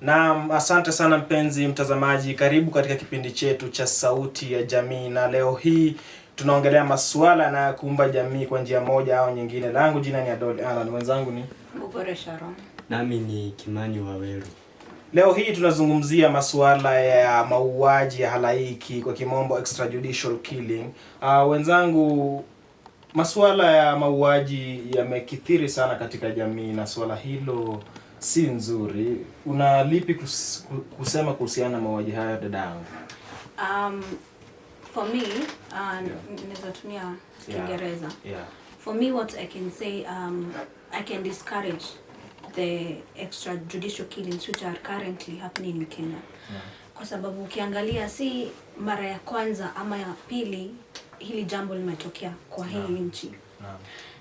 Naam, asante sana mpenzi mtazamaji, karibu katika kipindi chetu cha Sauti ya Jamii, na leo hii tunaongelea masuala yanayokumba jamii kwa njia moja au nyingine. Langu jina ni Adoli Alan, wenzangu ni Mugore Sharon, nami ni Kimani Waweru. Leo hii tunazungumzia masuala ya mauaji ya halaiki, kwa kimombo extrajudicial killing. Uh, wenzangu, masuala ya mauaji yamekithiri sana katika jamii na suala hilo si nzuri. Una lipi kus, kusema kuhusiana na mauaji hayo dada yangu? Um, for me uh, yeah. naweza tumia Kiingereza yeah. yeah. For me what I can say um, I can discourage the extrajudicial killings which are currently happening in Kenya yeah. Kwa sababu ukiangalia si mara ya kwanza ama ya pili hili jambo limetokea kwa hii yeah. nchi yeah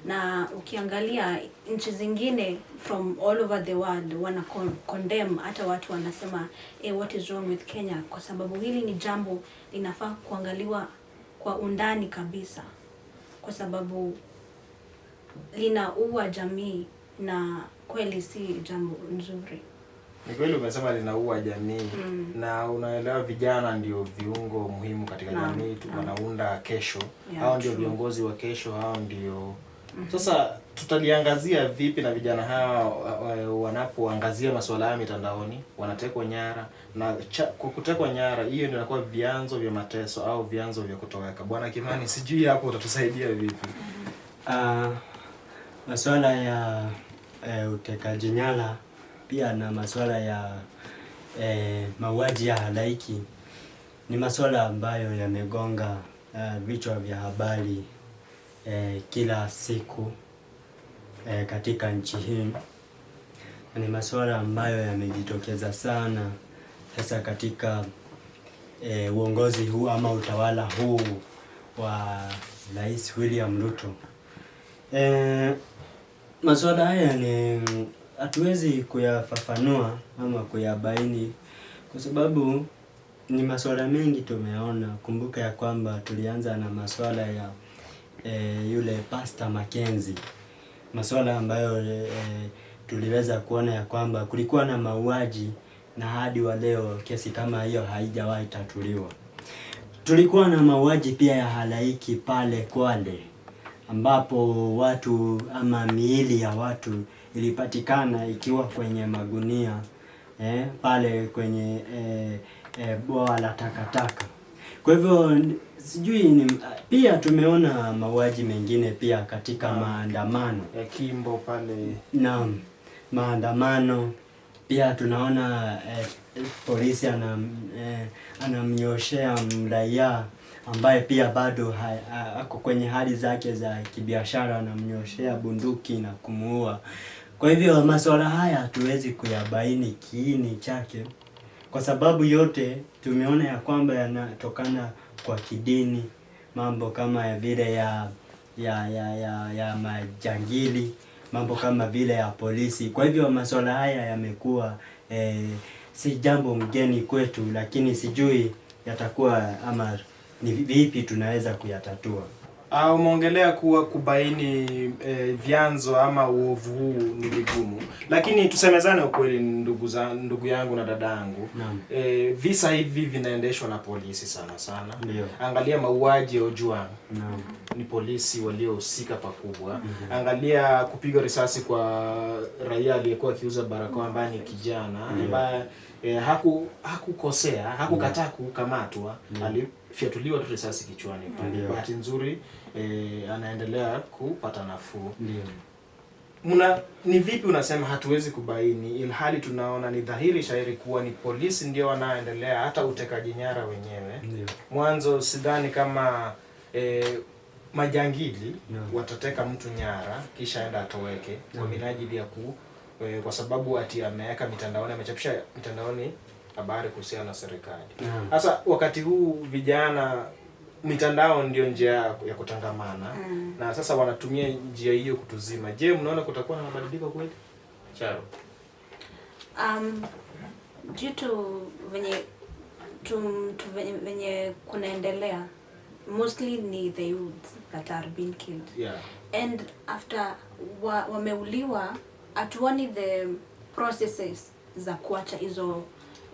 na ukiangalia nchi zingine from all over the world wana condemn, hata watu wanasema hey, eh, what is wrong with Kenya? Kwa sababu hili ni jambo linafaa kuangaliwa kwa undani kabisa, kwa sababu linaua jamii na kweli si jambo nzuri. Ni kweli umesema linaua jamii mm. Na unaelewa vijana ndio viungo muhimu katika na, jamii, wanaunda kesho. Hao ndio viongozi wa kesho, hao ndio sasa tutaliangazia vipi na vijana hawa wanapoangazia masuala ya mitandaoni, wanatekwa nyara na cha, kutekwa nyara hiyo ndio inakuwa vyanzo vya mateso au vyanzo vya kutoweka. Bwana Kimani, sijui hapo utatusaidia vipi? Uh, ah, masuala ya uh, utekaji nyara pia na masuala ya uh, mauaji ya halaiki ni masuala ambayo yamegonga uh, vichwa vya habari eh, kila siku eh, katika nchi hii ni masuala ambayo yamejitokeza sana sasa katika eh, uongozi huu ama utawala huu wa Rais William Ruto. Eh, masuala haya ni hatuwezi kuyafafanua ama kuyabaini kwa sababu ni masuala mengi tumeona. Kumbuka ya kwamba tulianza na masuala ya eh, yule pasta makenzi masuala ambayo eh, tuliweza kuona ya kwamba kulikuwa na mauaji na hadi wa leo kesi kama hiyo haijawahi tatuliwa. Tulikuwa na mauaji pia ya halaiki pale Kwale ambapo watu ama miili ya watu ilipatikana ikiwa kwenye magunia eh, pale kwenye eh, eh, bwawa la takataka. Kwa hivyo sijui ni, pia tumeona mauaji mengine pia katika um, maandamano ya Kimbo pale. Naam, maandamano pia tunaona eh, polisi anam, eh, anamnyoshea mraia ambaye pia bado ako kwenye hali zake za kibiashara, anamnyoshea bunduki na kumuua. Kwa hivyo masuala haya hatuwezi kuyabaini kiini chake kwa sababu yote tumeona ya kwamba yanatokana kwa kidini, mambo kama ya vile ya ya ya ya, ya majangili, mambo kama vile ya polisi. Kwa hivyo masuala haya yamekuwa eh, si jambo mgeni kwetu, lakini sijui yatakuwa ama ni vipi tunaweza kuyatatua. Uh, umeongelea kuwa kubaini e, vyanzo ama uovu huu ni vigumu, lakini tusemezane ukweli, ndugu za ndugu yangu na dada yangu e, visa hivi vinaendeshwa na polisi sana sana. Ndiyo. Angalia mauaji ya Ojwang ni polisi waliohusika pakubwa. mm -hmm. Angalia kupigwa risasi kwa raia aliyekuwa akiuza barakoa ambaye ni kijana ambaye eh, haku hakukosea hakukataa mm. kukamatwa mm. Alifyatuliwa tu risasi kichwani pale mm. Bahati nzuri eh, anaendelea kupata nafuu mm. Muna, ni vipi unasema hatuwezi kubaini ilhali tunaona ni dhahiri shairi kuwa ni polisi ndio wanaoendelea hata utekaji nyara wenyewe yeah. Mwanzo sidhani kama eh, majangili yeah. Watateka mtu nyara kisha aenda atoweke yeah. Kwa minajili ya ku kwa sababu ati ameweka mitandaoni, amechapisha mitandaoni habari kuhusiana na serikali. Sasa mm. wakati huu vijana mitandao ndio njia ya kutangamana mm. na sasa wanatumia njia hiyo kutuzima. Je, mnaona kutakuwa na mabadiliko kweli? Charo. Um, jitu venye tu, tu venye kunaendelea mostly ni the youth that are being killed yeah. and after wa, wameuliwa hatuoni the processes za kuacha hizo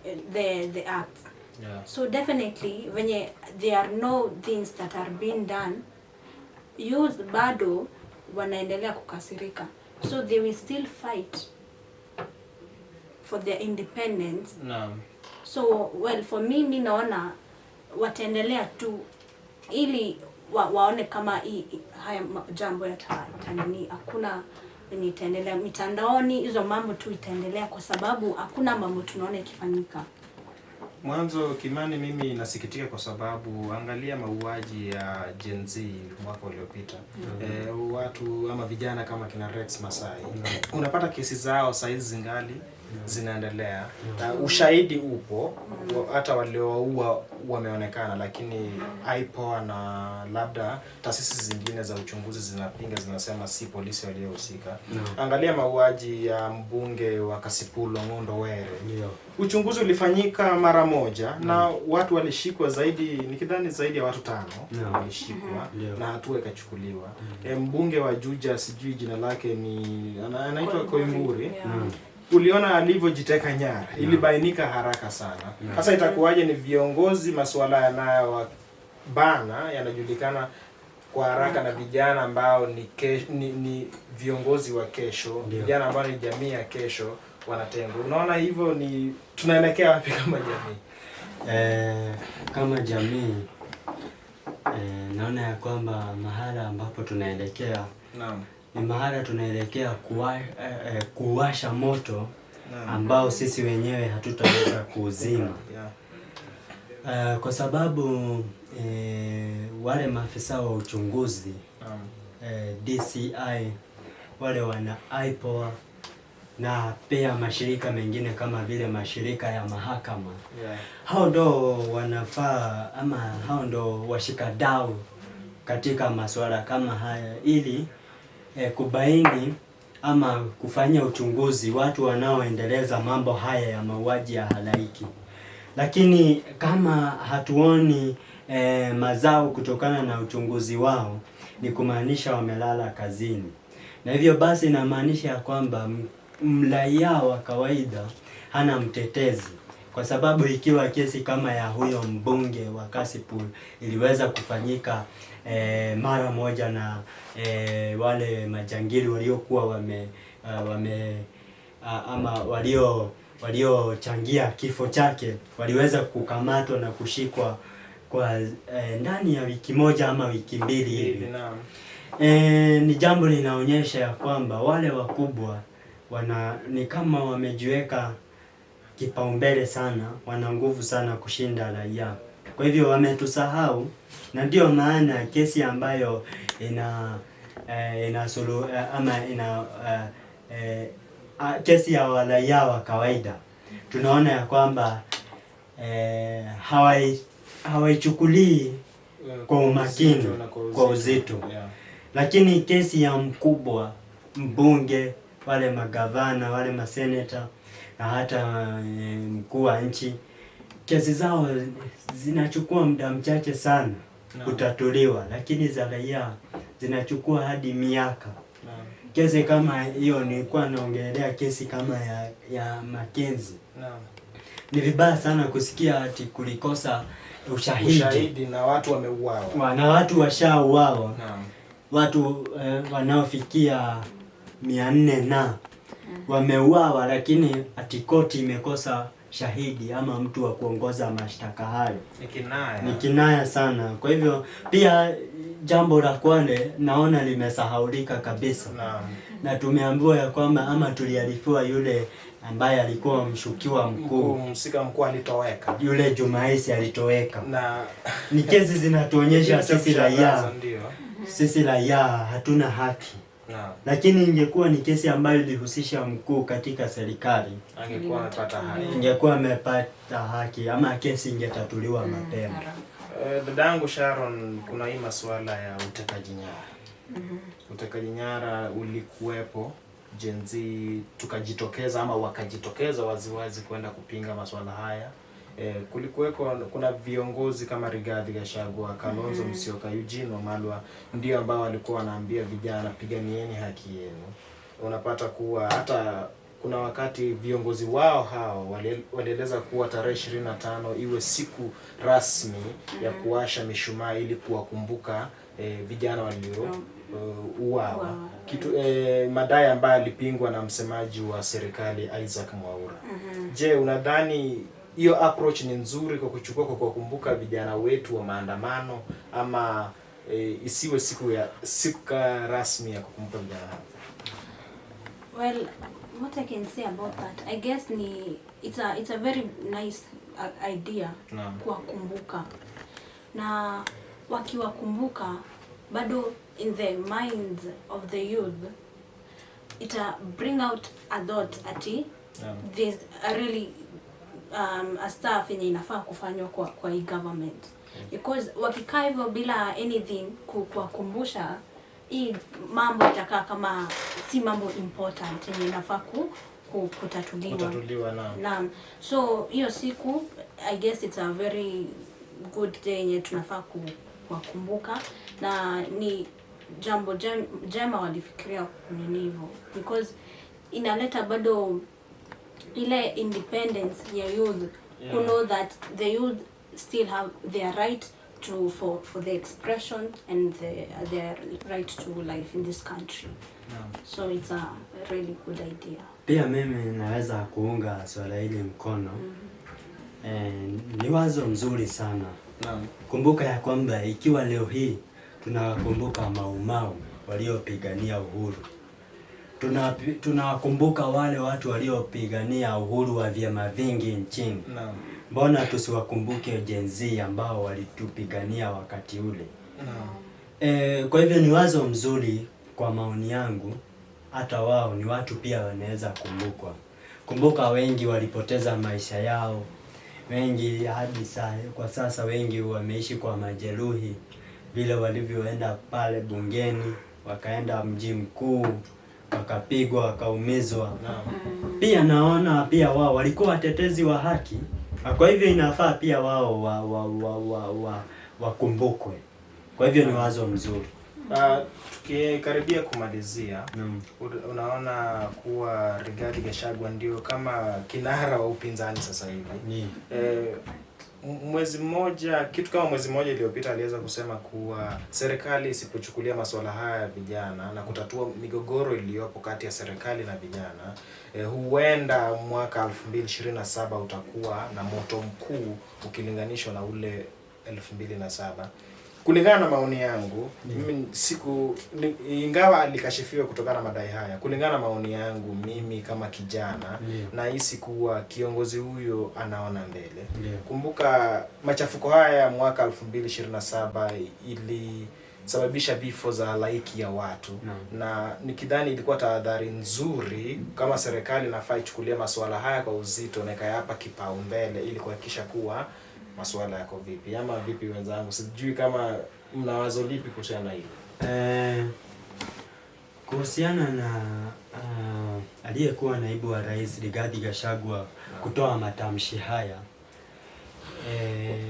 eh, the the act yeah. So definitely venye there are no things that are being done youth bado wanaendelea kukasirika, so they will still fight for their independence no. So well for me mi naona wataendelea tu ili wa, waone kama hii haya jambo yatanini hakuna nitaendelea mitandaoni, hizo mambo tu itaendelea kwa sababu hakuna mambo tunaona ikifanyika. Mwanzo Kimani, mimi nasikitika kwa sababu angalia mauaji ya Gen Z mwaka uliopita. mm -hmm. E, watu ama vijana kama kina Rex Masai mm -hmm. unapata kesi zao saizi zingali zinaendelea mm. na ushahidi upo, hata walioua wameonekana, lakini IPOA na labda taasisi zingine za uchunguzi zinapinga, zinasema si polisi waliohusika. Angalia mauaji ya mbunge wa Kasipulo Ng'ondo Were, uchunguzi ulifanyika mara moja mm. na watu walishikwa zaidi, nikidhani zaidi ya watu tano walishikwa mm-hmm. na hatua ikachukuliwa. Mm. E, mbunge wa Juja, sijui jina lake ni anaitwa Koimburi uliona alivyojiteka nyara no. Ilibainika haraka sana sasa no. Itakuwaje ni viongozi masuala yanayowabana yanajulikana kwa haraka na vijana ambao ni, ke, ni ni viongozi wa kesho yeah. Vijana ambao ni jamii ya kesho wanatengwa. Unaona hivyo ni tunaelekea wapi kama jamii? Eh, kama jamii eh, naona ya kwamba mahala ambapo tunaelekea naam ni mahala tunaelekea kuwa, eh, eh kuwasha moto ambao sisi wenyewe hatutaweza kuuzima uh, kwa sababu eh, wale maafisa wa uchunguzi eh, DCI wale wana IPOA na pia mashirika mengine kama vile mashirika ya mahakama yeah. Hao ndo wanafaa ama hao ndo washikadau katika masuala kama haya ili eh, kubaini ama kufanya uchunguzi watu wanaoendeleza mambo haya ya mauaji ya halaiki. Lakini kama hatuoni eh, mazao kutokana na uchunguzi wao, ni kumaanisha wamelala kazini, na hivyo basi inamaanisha ya kwamba mlaia wa kawaida hana mtetezi kwa sababu ikiwa kesi kama ya huyo mbunge wa Kasipul iliweza kufanyika e, mara moja na e, wale majangili waliokuwa wame a, eh, wame a, ama walio waliochangia kifo chake waliweza kukamatwa na kushikwa kwa e, ndani ya wiki moja ama wiki mbili hivi. E, ni jambo linaonyesha ya kwamba wale wakubwa wana ni kama wamejiweka kipaumbele sana, wana nguvu sana kushinda raia. Kwa hivyo wametusahau, na ndio maana kesi ambayo ina eh, ina sulu, eh, ama ina eh, eh, kesi ya raia wa kawaida tunaona ya kwamba eh, hawai hawaichukulii kwa umakini kwa uzito, Lakini kesi ya mkubwa, mbunge, wale magavana, wale maseneta na hata eh, mkuu wa nchi, kesi zao zinachukua muda mchache sana no. kutatuliwa, lakini za raia zinachukua hadi miaka no. Kesi kama hiyo, nilikuwa naongelea kesi kama ya, ya Makenzi no. Ni vibaya sana kusikia ati kulikosa ushahidi, ushahidi na watu wameuawa na watu washauawa no. watu eh, wanaofikia mia nne na wameuawa, lakini ati koti imekosa shahidi ama mtu wa kuongoza mashtaka hayo. Ni kinaya, ni kinaya sana. Kwa hivyo pia jambo la Kwale naona limesahaulika kabisa na, na tumeambiwa ya kwamba ama tuliarifiwa yule ambaye alikuwa mshukiwa mkuu msika mkuu alitoweka, yule Jumaisi alitoweka na... ni kesi zinatuonyesha sisi raia, sisi raia hatuna haki lakini ingekuwa ni kesi ambayo ilihusisha mkuu katika serikali angekuwa amepata haki, ingekuwa amepata haki ama kesi ingetatuliwa mm, mapema. Uh, Sharon, kuna hii masuala ya utekaji nyara mm -hmm. Utekaji nyara ulikuwepo jenzi tukajitokeza ama wakajitokeza waziwazi kwenda kupinga masuala haya eh, kulikuweko kuna viongozi kama Rigathi Gachagua, Kalonzo mm -hmm. Musyoka, Eugene Wamalwa ndio ambao walikuwa wanaambia vijana piganieni haki yenu. Unapata kuwa hata kuna wakati viongozi wao hao walieleza kuwa tarehe 25 iwe siku rasmi mm -hmm. ya mm-hmm. kuwasha mishumaa ili kuwakumbuka eh, vijana walio Uh, uawa Kitu eh, madai ambayo alipingwa na msemaji wa serikali Isaac Mwaura. mm -hmm. Je, unadhani hiyo approach ni nzuri kwa kuchukua kwa kuwakumbuka vijana wetu wa maandamano ama e, isiwe siku ya siku ka rasmi ya kukumbuka vijana hao? Well, what I can say about that I guess ni it's a, it's a very nice uh, idea no. kuwakumbuka na wakiwakumbuka bado in the minds of the youth ita bring out a thought ati yeah. this really um, a staff yenye inafaa kufanywa kwa kwa hii government mm. because wakikaa hivyo bila anything kuwakumbusha hii mambo itakaa kama si mambo important yenye inafaa ku, ku, kutatuliwa, kutatuliwa na. so hiyo siku I guess it's a very good day yenye tunafaa kuwakumbuka na ni jambo jema walifikiria nini hivyo because inaleta bado ile independence ya youth yeah. who know that the youth still have their right to for for the expression and the, their right to life in this country yeah. so it's a really good idea. Pia mimi naweza kuunga swala hili mkono mm-hmm. eh, ni wazo mzuri sana Kumbuka ya kwamba ikiwa leo hii tunawakumbuka maumau waliopigania uhuru tunawakumbuka tuna wale watu waliopigania uhuru wa vyama vingi nchini no. Mbona tusiwakumbuke jenzi ambao walitupigania wakati ule no. E, kwa hivyo ni wazo mzuri kwa maoni yangu, hata wao ni watu pia wanaweza kumbukwa. Kumbuka wengi walipoteza maisha yao, wengi hadi saa kwa sasa, wengi wameishi kwa majeruhi, vile walivyoenda pale bungeni, wakaenda mji mkuu akapigwa akaumizwa. Pia naona pia wao walikuwa watetezi wa haki, kwa hivyo inafaa pia wao wa, wa, wa, wa, wa, wakumbukwe. Kwa hivyo ni wazo mzuri. Uh, tukikaribia kumalizia mm. Unaona kuwa Rigathi Gachagua ndio kama kinara wa upinzani sasa hivi mm. eh, mwezi mmoja kitu kama mwezi mmoja iliyopita aliweza kusema kuwa serikali isipochukulia masuala haya ya vijana na kutatua migogoro iliyopo kati ya serikali na vijana e, huenda mwaka 2027 utakuwa na moto mkuu ukilinganishwa na ule 2007. Kulingana na maoni yangu mm. mimi siku ni, ingawa alikashifiwa kutokana na madai haya, kulingana na maoni yangu mimi kama kijana nahisi kuwa kiongozi huyo anaona mbele Kumbuka machafuko haya ya mwaka 2027 ili sababisha vifo za laiki ya watu no. na nikidhani ilikuwa tahadhari nzuri kama serikali inafaa ichukulia masuala haya kwa uzito na ikayapa kipaumbele ili kuhakikisha kuwa masuala yako vipi, ama vipi wenzangu? Sijui kama mna wazo lipi kuhusiana hilo eh, kuhusiana na uh, aliyekuwa naibu wa rais Rigathi Gachagua ah. kutoa matamshi haya e,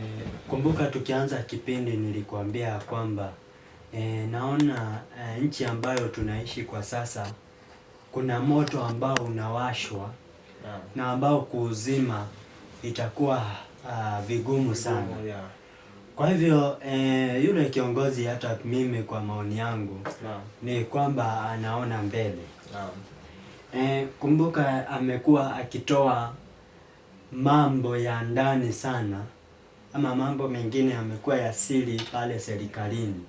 kumbuka tukianza kipindi nilikuambia kwamba e, naona e, nchi ambayo tunaishi kwa sasa kuna moto ambao unawashwa na ambao kuuzima itakuwa uh, vigumu sana Kwa hivyo eh, yule kiongozi hata mimi kwa maoni yangu Ni kwamba anaona mbele Eh, kumbuka amekuwa akitoa mambo ya ndani sana ama mambo mengine yamekuwa ya siri pale serikalini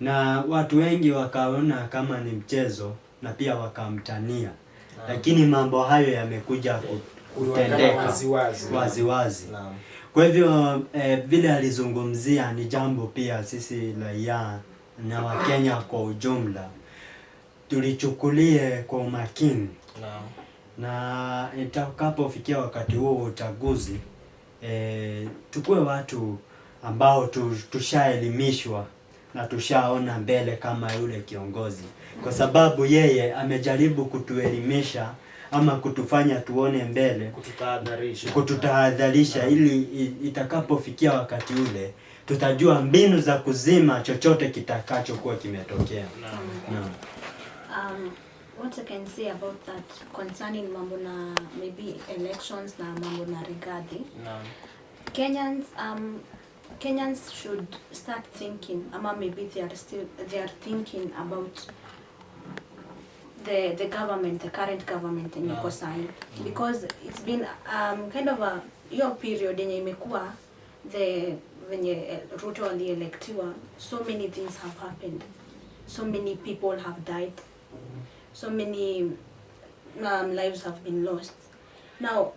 na watu wengi wakaona kama ni mchezo na pia wakamtania, Lakini mambo hayo yamekuja kutendeka waziwazi Kwa hivyo eh, vile alizungumzia ni jambo pia sisi raia na Wakenya kwa ujumla tulichukulie kwa umakini na itakapofikia wakati huo wa uchaguzi eh, tukue watu ambao tushaelimishwa na tushaona mbele kama yule kiongozi, kwa sababu yeye amejaribu kutuelimisha ama kutufanya tuone mbele, kututahadharisha, kututahadharisha ili itakapofikia wakati ule tutajua mbinu za kuzima chochote kitakachokuwa kimetokea. Naam. Um, what I can say about that concerning mambo na maybe elections na mambo na regadi. Naam. Kenyans um Kenyans should start thinking ama maybe they are still they are thinking about the the government the current government yenye iko sai mm. because it's been um, kind of a hiyo period yenye imekuwa the venye eh, Ruto alielectiwa, so many things have happened, so many people have died, so many um, lives have been lost. Now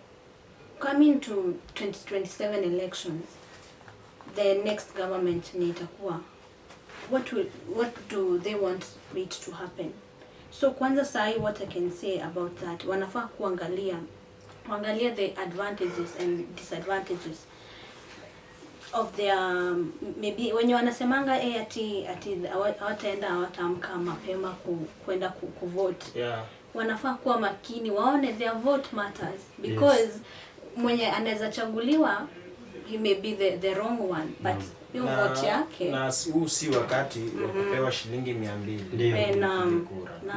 coming to 2027 elections, the next government yenye itakuwa, what will what do they want it to happen? So kwanza sahi, what I can say about that, wanafaa kuangalia kuangalia the advantages and disadvantages of their um, maybe wenye wanasemanga eh, ati ati hawataenda hawataamka mapema ku, kwenda ku, ku vote yeah. Wanafaa kuwa makini waone their vote matters because yes. Mwenye anaweza chaguliwa he may be the, the wrong one but mm na na huu si wakati wa mm -hmm. kupewa shilingi mia mbili eh, Naam,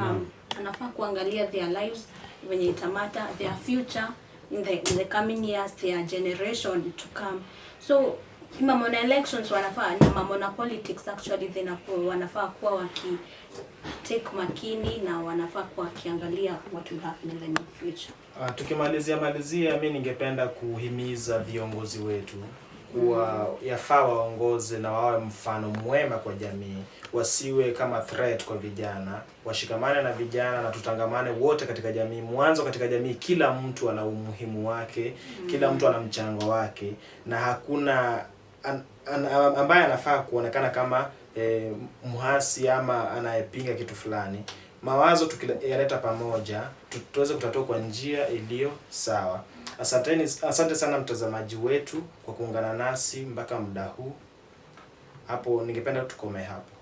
mm. anafaa kuangalia their lives venye itamata their future in the, in the coming years their generation to come so mamona elections wanafaa na mamona politics actually thinapo, wanafaa kuwa waki take makini na wanafaa kuwa wakiangalia what will happen in the near future. Uh, tukimalizia malizia, mi ningependa kuhimiza viongozi wetu kuwa yafaa waongoze na wawe mfano mwema kwa jamii, wasiwe kama threat kwa vijana, washikamane na vijana na tutangamane wote katika jamii. Mwanzo katika jamii, kila mtu ana umuhimu wake, kila mtu ana mchango wake, na hakuna an, an, ambaye anafaa kuonekana kama eh, mhasi ama anayepinga kitu fulani. Mawazo tukileta pamoja, tuweze kutatua kwa njia iliyo sawa. Asanteni, asante sana mtazamaji wetu kwa kuungana nasi mpaka muda huu. Hapo ningependa tukome hapo.